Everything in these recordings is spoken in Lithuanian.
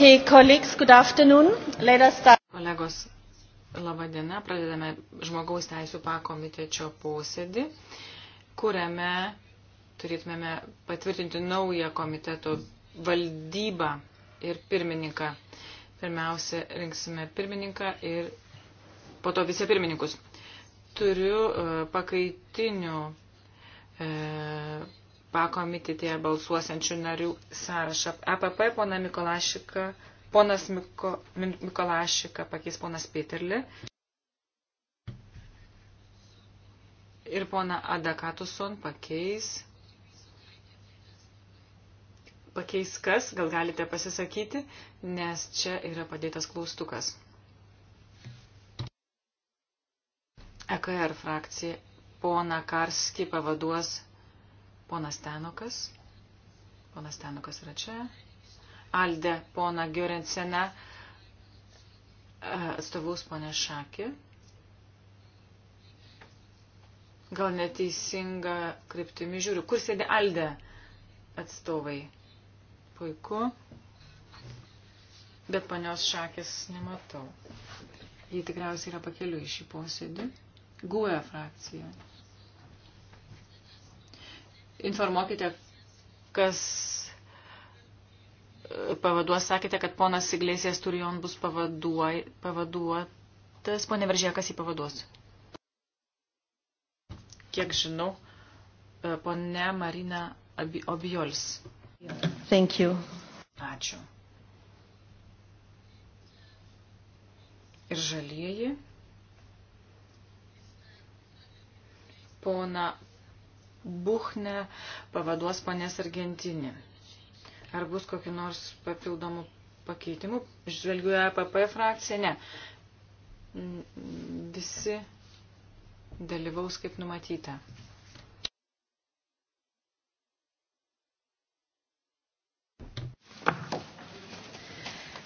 Okay, colleagues, good afternoon. Let us start. Kolegos, laba diena. Pradedame žmogaus teisų pakomitečio posėdį, kuriame turėtumėme patvirtinti naują komiteto valdybą ir pirmininką. Pirmiausia, rinksime pirmininką ir po to visi pirmininkus. Turiu uh, pakaitinių uh, pakomitėtėje balsuosančių narių sąrašą. APP e pona Mikolašika, ponas Miko, Mikolašika pakeis ponas Peterli. Ir pona Adakatuson pakeis. Pakeis kas, gal galite pasisakyti, nes čia yra padėtas klaustukas. EKR frakcija pona Karski pavaduos Ponas Tenokas. Ponas Tenokas yra čia. Alde, pona Giorensena, e, atstovaus ponė Šakė. Gal neteisinga kryptimi žiūriu. Kur sėdi Alde atstovai? Puiku. Bet panios Šakės nematau. Jie tikriausiai yra pakeliu į šį posėdį. GUE frakcija informuokite, kas e, pavaduos. Sakėte, kad ponas Iglesijas Turion bus pavaduoj, pavaduotas. Pone Veržė, kas jį pavaduos? Kiek žinau, e, pone Marina Obiols. Thank you. Ačiū. Ir žalieji. Pona Buchne pavaduos ponės Argentinė. Ar bus kokiu nors papildomų pakeitimų? Žvelgiu EPP frakciją, ne. Visi dalyvaus kaip numatyta.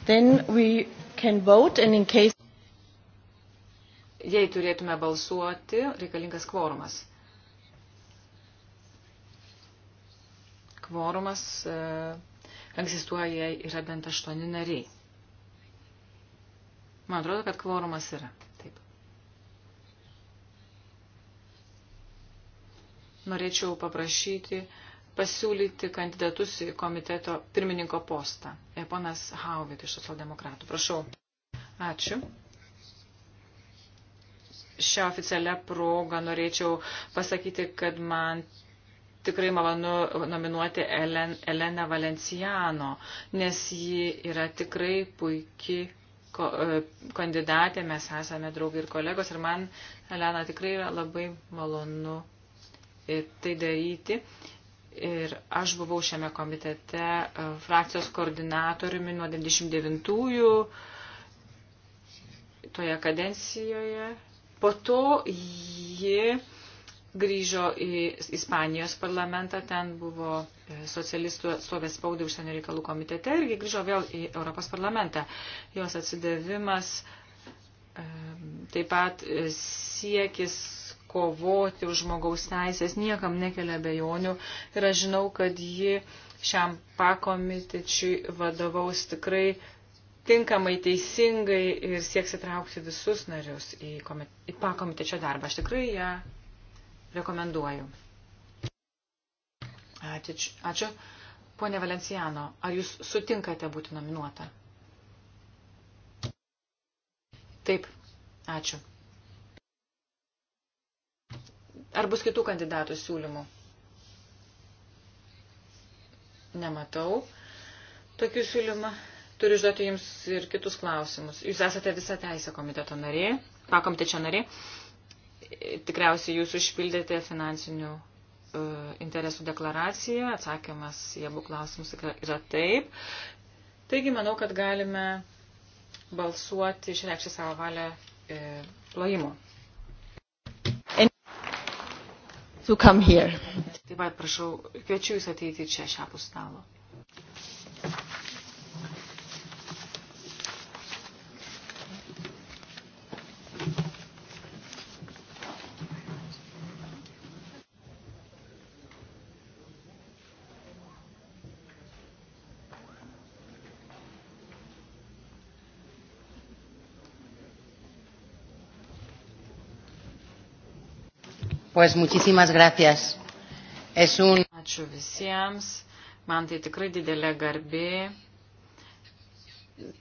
Then we can vote and in case... Jei turėtume balsuoti, reikalingas kvorumas. kvorumas e, egzistuoja, jei yra bent aštuoni nariai. Man atrodo, kad kvorumas yra. Taip. Norėčiau paprašyti, pasiūlyti kandidatus į komiteto pirmininko postą. E, ponas Hauvit iš socialdemokratų. Prašau. Ačiū šią oficialią progą norėčiau pasakyti, kad man tikrai malonu nominuoti Elen, Eleną Valenciano, nes ji yra tikrai puikiai e, kandidatė, mes esame draugai ir kolegos ir man, Elena, tikrai yra labai malonu tai daryti. Ir aš buvau šiame komitete e, frakcijos koordinatoriumi nuo 99-ųjų toje kadencijoje. Po to ji grįžo į Ispanijos parlamentą, ten buvo e, socialistų atstovės spaudai užsienio reikalų komitete irgi grįžo vėl į Europos parlamentą. Jos atsidavimas e, taip pat e, siekis kovoti už žmogaus teisės niekam nekelia bejonių ir aš žinau, kad ji šiam pakomitečiui vadovaus tikrai tinkamai, teisingai ir sieks įtraukti visus narius į, komite, į pakomitečio darbą. Aš tikrai ją Rekomenduoju. Ačiū. Ačiū. Pone Valenciano, ar jūs sutinkate būti nominuota? Taip. Ačiū. Ar bus kitų kandidatų siūlymų? Nematau. Tokių siūlymą turiu žduoti jums ir kitus klausimus. Jūs esate visa teisė komiteto narė, pakomite čia narė. Tikriausiai jūs užpildėte finansinių e, interesų deklaraciją, atsakymas į abu klausimus yra taip. Taigi manau, kad galime balsuoti, išreikšti savo valią e, plojimu. Taip pat prašau, kviečiu jūs ateiti čia šiapus stalo. Pues muchísimas gracias. Es un... Ačiū visiems. Man tai tikrai didelė garbė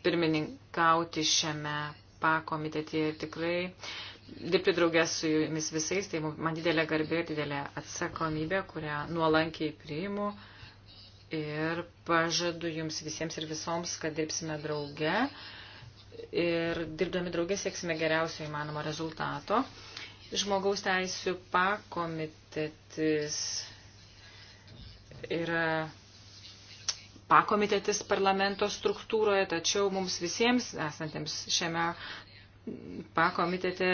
pirmininkauti šiame pakomitetėje ir tikrai dirbti draugės su jumis visais. Tai man didelė garbė ir didelė atsakomybė, kurią nuolankiai priimu. Ir pažadu jums visiems ir visoms, kad dirbsime drauge. Ir dirbdami drauge sieksime geriausio įmanomo rezultato. Žmogaus teisų pakomitetis yra pakomitetis parlamento struktūroje, tačiau mums visiems esantiems šiame pakomitete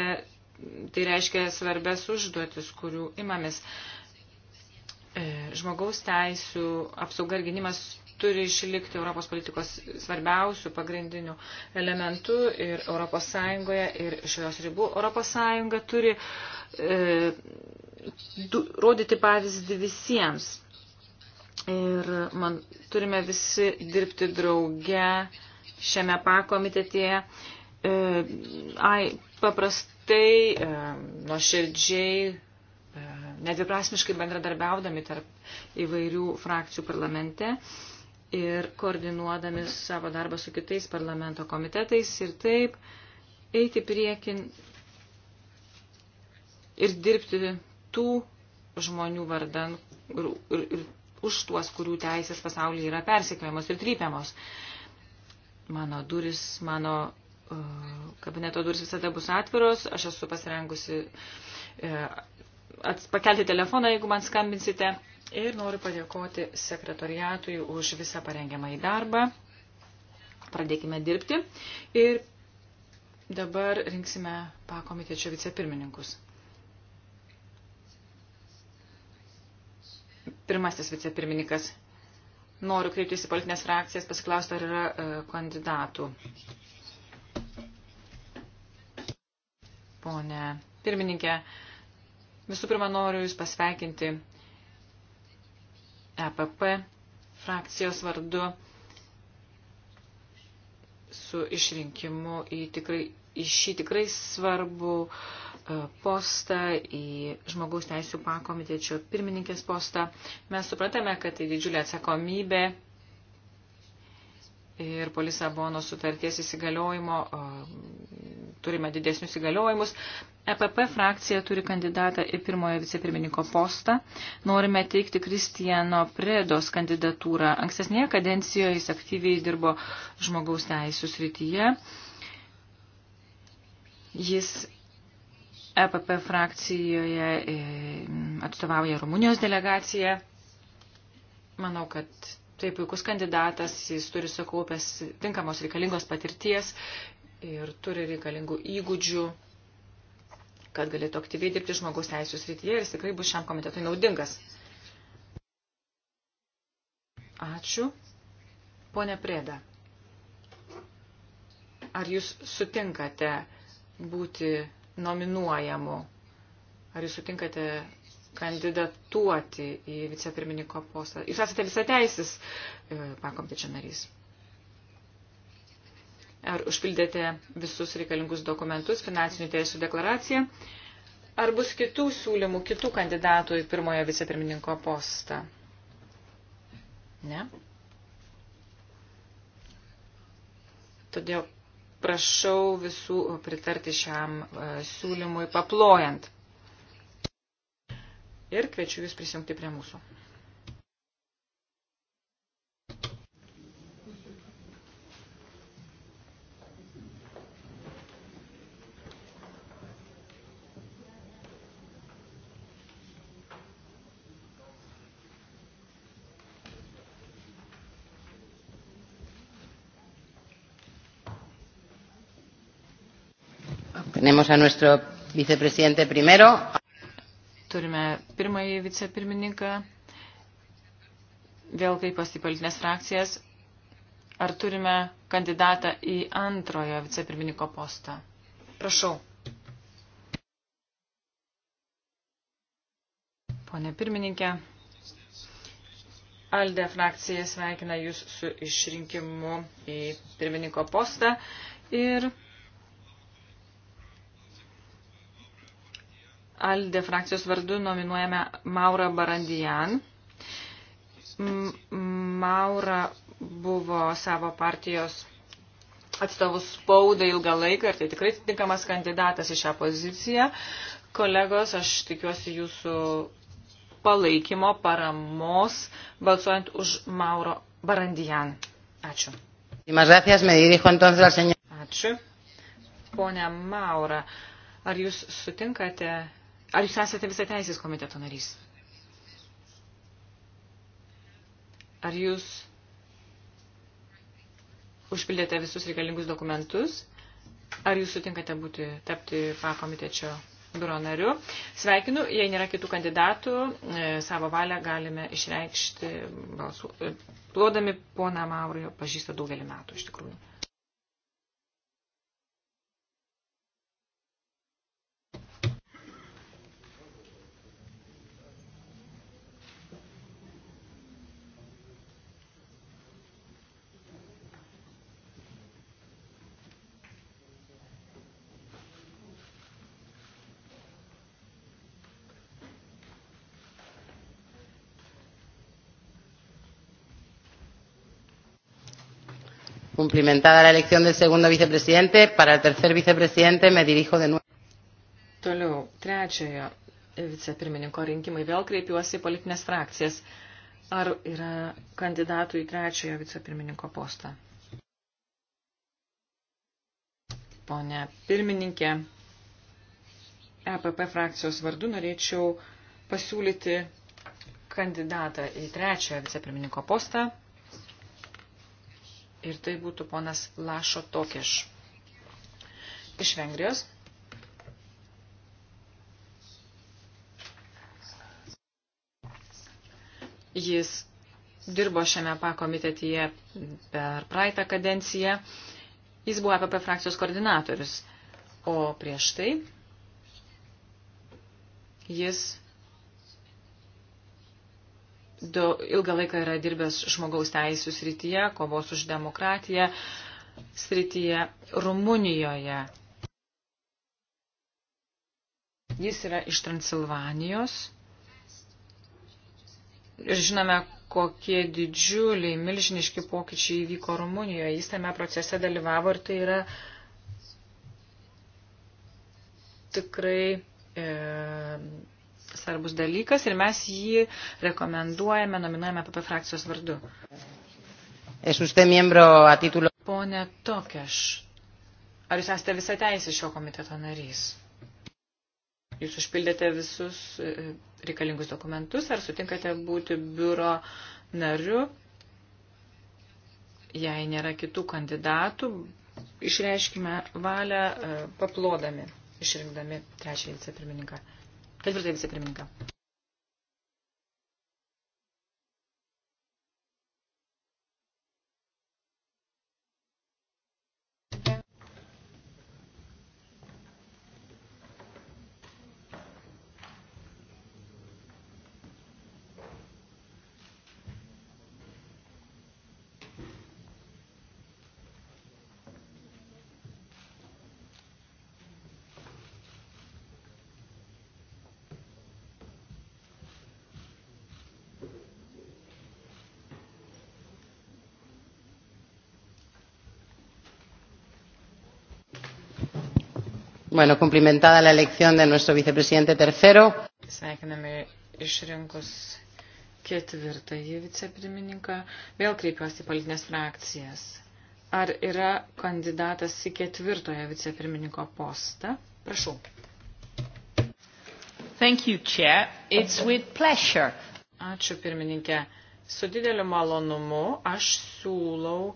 tai reiškia svarbės užduotis, kurių imamės. E, žmogaus teisų apsauga ir gynimas turi išlikti Europos politikos svarbiausių pagrindinių elementų ir Europos Sąjungoje ir iš jos ribų. Europos Sąjunga turi e, du, rodyti pavyzdį visiems. Ir man, turime visi dirbti drauge šiame pakomitetėje. E, ai, paprastai, e, nuoširdžiai, e, nedviprasmiškai bendradarbiaudami tarp įvairių frakcijų parlamente. E, ir koordinuodami savo darbą su kitais parlamento komitetais ir taip eiti priekin ir dirbti tų žmonių vardan ir, ir, ir už tuos, kurių teisės pasaulyje yra persikvėjamos ir trypiamos. Mano duris, mano e, kabineto duris visada bus atviros, aš esu pasirengusi e, pakelti telefoną, jeigu man skambinsite ir noriu padėkoti sekretoriatui už visą parengiamą į darbą. Pradėkime dirbti ir dabar rinksime pakomitečio vicepirmininkus. Pirmasis vicepirmininkas. Noriu kreiptis į politinės frakcijas, pasiklausti, ar yra e, kandidatų. Pone pirmininkė, visų pirma noriu Jūs pasveikinti EPP frakcijos vardu su išrinkimu į, tikrai, į šį tikrai svarbų e, postą, į žmogaus teisų pakomitečio pirmininkės postą. Mes supratame, kad tai didžiulė atsakomybė ir po Lisabono sutarties įsigaliojimo e, turime didesnius įgaliojimus. EPP frakcija turi kandidatą į pirmojo vicepirmininko postą. Norime teikti Kristijano Predos kandidatūrą. Ankstesnėje kadencijoje jis aktyviai dirbo žmogaus teisų srityje. Jis EPP frakcijoje e, atstovauja Rumunijos delegaciją. Manau, kad tai puikus kandidatas, jis turi sukaupęs tinkamos reikalingos patirties ir turi reikalingų įgūdžių, kad galėtų aktyviai dirbti žmogaus teisų srityje ir jis tikrai bus šiam komitetui naudingas. Ačiū. Pone Prėda, ar jūs sutinkate būti nominuojamu? Ar jūs sutinkate kandidatuoti į vicepirmininko postą? Jūs esate visateisis e, pakomitečio narys ar užpildėte visus reikalingus dokumentus, finansinių teisų deklaraciją, ar bus kitų siūlymų, kitų kandidatų į pirmojo vicepirmininko postą? Ne? Todėl prašau visų pritarti šiam e, siūlymui paplojant. Ir kviečiu jūs prisijungti prie mūsų. Tenemos a nuestro vicepresidente primero. Turime pirmąjį vicepirmininką, vėl kaip pasipolitinės frakcijas. Ar turime kandidatą į antrojo vicepirmininko postą? Prašau. Pone pirmininkė, Alde frakcija sveikina Jūs su išrinkimu į pirmininko postą ir Alde frakcijos vardu nominuojame Maurą Barandijan. Maura buvo savo partijos atstovus spaudą ilgą laiką ir tai tikrai tinkamas kandidatas į šią poziciją. Kolegos, aš tikiuosi jūsų palaikymo, paramos, balsuojant už Mauro Barandijan. Ačiū. Ačiū. Pone Maura, ar jūs sutinkate Ar jūs esate visą teisės komiteto narys? Ar jūs užpildėte visus reikalingus dokumentus? Ar jūs sutinkate būti, tapti pakomitečio biuro nariu? Sveikinu, jei nėra kitų kandidatų, e, savo valią galime išreikšti balsu. Plodami e, poną Maurijo pažįsta daugelį metų iš tikrųjų. Cumplimentada la elección del segundo vicepresidente, para el tercer vicepresidente me dirijo de nuevo. Toliau, trečiojo vicepirmininko rinkimai vėl kreipiuosi į politinės frakcijas. Ar yra kandidatų į trečiojo vicepirmininko postą? Pone pirmininkė, EPP frakcijos vardu norėčiau pasiūlyti kandidatą į trečiojo vicepirmininko postą Ir tai būtų ponas Lašo Tokeš iš Vengrijos. Jis dirbo šiame pakomitetyje per praeitą kadenciją. Jis buvo APP frakcijos koordinatorius, o prieš tai jis du, ilgą laiką yra dirbęs žmogaus teisų srityje, kovos už demokratiją srityje Rumunijoje. Jis yra iš Transilvanijos. Ir žinome, kokie didžiuliai, milžiniški pokyčiai įvyko Rumunijoje. Jis tame procese dalyvavo ir tai yra tikrai e, svarbus dalykas ir mes jį rekomenduojame, nominuojame PP frakcijos vardu. Titulo... Pone Tokeš, ar jūs esate visą teisę šio komiteto narys? Jūs užpildėte visus e, reikalingus dokumentus, ar sutinkate būti biuro nariu? Jei nėra kitų kandidatų, išreiškime valią e, paplodami, išrinkdami trečią vicepirmininką. Ketvirtai vicepirmininką. Bueno, cumplimentada la elección de nuestro vicepresidente tercero. Sveikiname išrinkus ketvirtąjį vicepirmininką. Vėl kreipiuosi į politinės frakcijas. Ar yra kandidatas į ketvirtojo vicepirmininko postą? Prašau. Thank you, Chair. It's with pleasure. Ačiū, pirmininkė. Su dideliu malonumu aš siūlau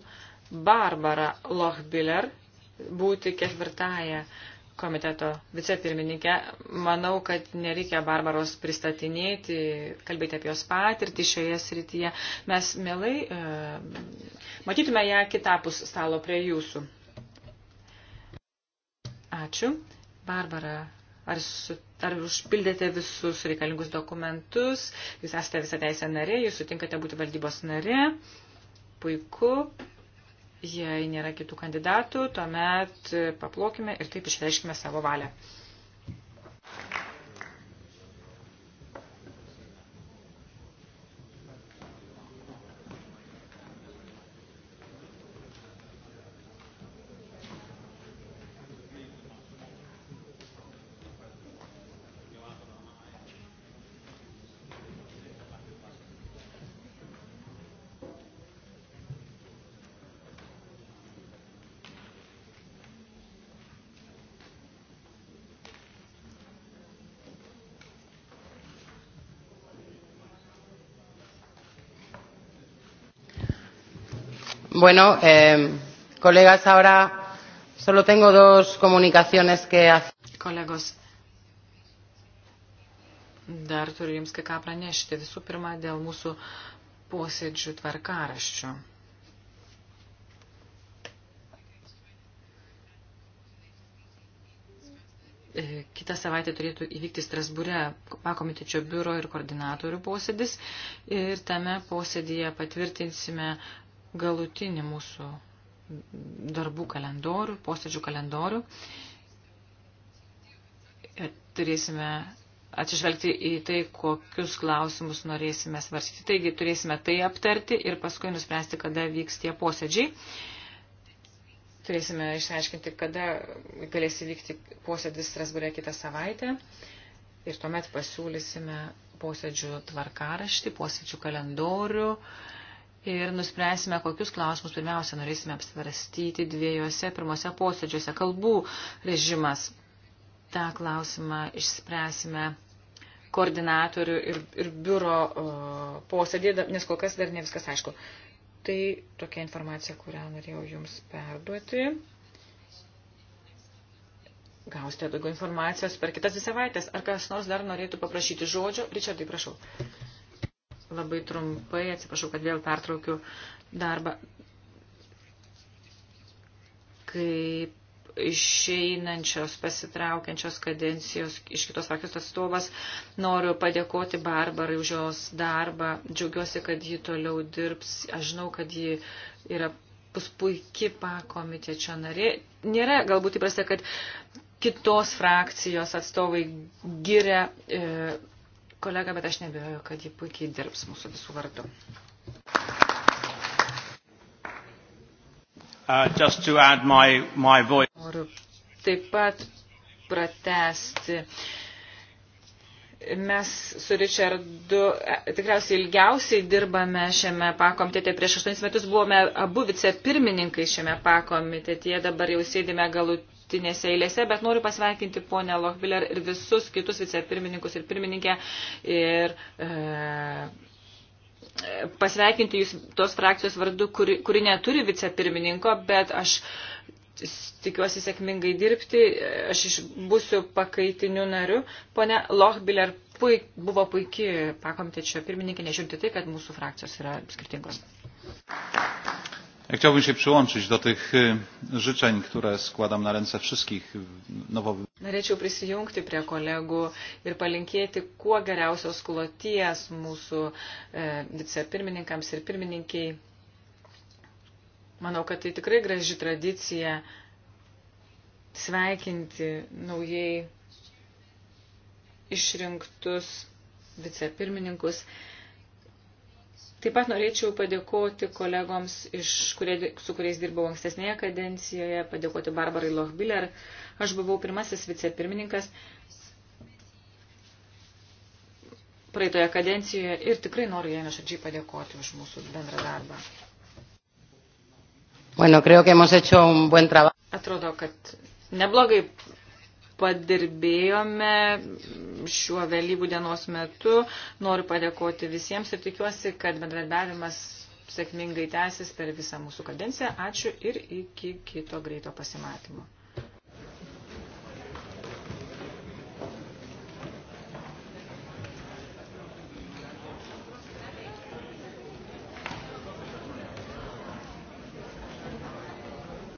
Barbarą Lochbiller būti ketvirtąją komiteto vicepirmininkė, manau, kad nereikia Barbaros pristatinėti, kalbėti apie jos patirtį šioje srityje. Mes mielai e, matytume ją kitapus stalo prie jūsų. Ačiū. Barbara, ar, su, ar užpildėte visus reikalingus dokumentus? Jūs esate visą teisę narė, jūs sutinkate būti valdybos narė. Puiku. Jei nėra kitų kandidatų, tuomet paplokime ir taip išreiškime savo valią. Bueno, eh, colegas, ahora solo tengo dos comunicaciones que hacer. Kolegos, dar turiu Jums ką pranešti. Visų pirma, dėl mūsų posėdžių tvarkaraščių. E, Kita savaitė turėtų įvykti Strasbūre pakomitečio biuro ir koordinatorių posėdis ir tame posėdėje patvirtinsime galutinį mūsų darbų kalendorių, posėdžių kalendorių. Ir turėsime atsižvelgti į tai, kokius klausimus norėsime svarstyti. Taigi turėsime tai aptarti ir paskui nuspręsti, kada vyks tie posėdžiai. Turėsime išsiaiškinti, kada galės įvykti posėdis Strasbūrė kitą savaitę. Ir tuomet pasiūlysime posėdžių tvarkaraštį, posėdžių kalendorių. Uh, ir nuspręsime, kokius klausimus pirmiausia norėsime apsvarstyti dviejose pirmose posėdžiuose. Kalbų režimas. Ta klausimą išspręsime koordinatorių ir, ir biuro uh, posėdį, nes kol kas dar ne viskas aišku. Tai tokia informacija, kurią norėjau Jums perduoti. Gausite daugiau informacijos per kitas dvi savaitės. Ar kas nors dar norėtų paprašyti žodžio? Richardai, prašau. Uh, labai trumpai, atsiprašau, kad vėl pertraukiu darbą. Kaip išeinančios, pasitraukiančios kadencijos iš kitos frakcijos atstovas. Noriu padėkoti Barbarai už jos darbą. Džiaugiuosi, kad ji toliau dirbs. Aš žinau, kad ji yra bus puikiai pakomitečio narė. Nėra galbūt įprasta, kad kitos frakcijos atstovai giria e, kolegą, bet aš nebejoju, kad ji puikiai dirbs mūsų visų vardu. Uh, my, my voice. Noriu taip pat pratesti. Mes su Richardu e, tikriausiai ilgiausiai dirbame šiame pakomitete. Prieš aštuonis metus buvome abu vicepirmininkai šiame pakomitete. Dabar jau sėdime galut, paskutinėse eilėse, bet noriu pasveikinti ponę Lochbiller ir visus kitus vicepirmininkus ir pirmininkę ir e, pasveikinti jūs tos frakcijos vardu, kuri, kuri neturi vicepirmininko, bet aš tikiuosi sėkmingai dirbti, aš iš, būsiu pakaitiniu nariu. Pone Lochbiller puik, buvo puikiai pakomitečio pirmininkė, nežiūrinti tai, kad mūsų frakcijos yra skirtingos. Thank you. Ja chciałbym się przyłączyć do tych życzeń, które składam na ręce wszystkich nowo. Norėčiau prisijungti prie kolegų ir palinkėti kuo geriausios kloties mūsų e, vicepirmininkams ir pirmininkiai. Manau, kad tai tikrai graži tradicija sveikinti naujai išrinktus vicepirmininkus. E, Taip pat norėčiau padėkoti kolegoms, iš, kurie, su kuriais dirbau ankstesnėje kadencijoje, padėkoti Barbarai Lochbiller. Aš buvau pirmasis vicepirmininkas praeitoje kadencijoje ir tikrai noriu jai nuoširdžiai padėkoti už mūsų bendrą darbą. Bueno, creo que hemos hecho un buen trabajo. Atrodo, kad neblogai padirbėjome šiuo vėlyvų dienos metu. Noriu padėkoti visiems ir tikiuosi, kad bendradarbiavimas sėkmingai tęsis per visą mūsų kadenciją. Ačiū ir iki kito greito pasimatymo.